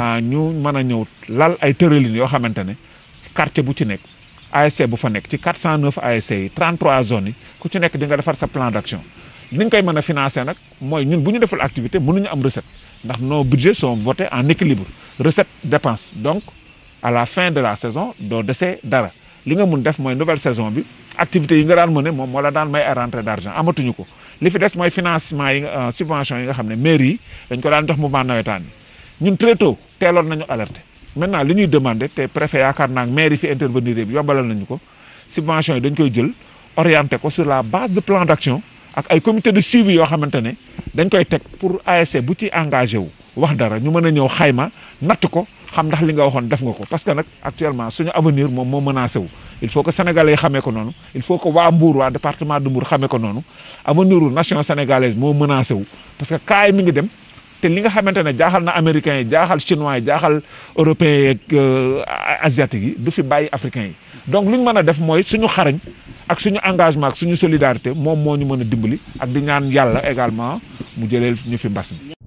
Euh, ñu mën a ñëw lal ay tëralin yoo xamante ne quartier bu ci nekk ASC bu fa nekk ci 409 ASC yi 33 zones yi ku ci nekk di nga defar sa plan d'action ni ñu koy mën a financer nag mooy ñun bu ñu deful activité mënuñu am recette ndax nos budgets sont votés en équilibre recette dépense donc à la fin de la saison doo dese dara li nga mun def mooy nouvelle saison bi activité yi nga daan mëne moom moo la daan may ay rentrée d'argent amatuñu ko li fi des mooy financement yi euh, subvention yi nga xam ne mairie yi dañ ko daan jox mouvement nawetaan yi ñun très tôt teeloon nañu alerté maintenant li ñuy demande te préfet yaakaar naa maire yi fi intervenir bi yombalal nañu ko subvention yi dañ koy jël orienté ko sur la base de plan d'action ak ay comité de suivi yoo xamante ne dañ koy teg pour ASC bu ci engagé wu wax dara ñu mën a ñëw xayma natt ko xam ndax li nga waxoon def nga ko parce que nag actuellement suñu avenir moom moo menacé wu il faut que sénégalais yi ko noonu il faut que waa Mbour waa département ko noonu avenir u nation sénégalaise moo menacé wu parce que mi ngi dem te li nga xamante ne jaaxal na américains yi jaaxal chinois yi jaaxal européens yi ak euh, yi du fi bàyyi africains yi donc lu ñu mën a def mooy suñu xarañ ak suñu engagement ak suñu solidarité moom moo ñu mën a dimbali ak di ñaan yàlla également mu jëleel ñu fi mbas mi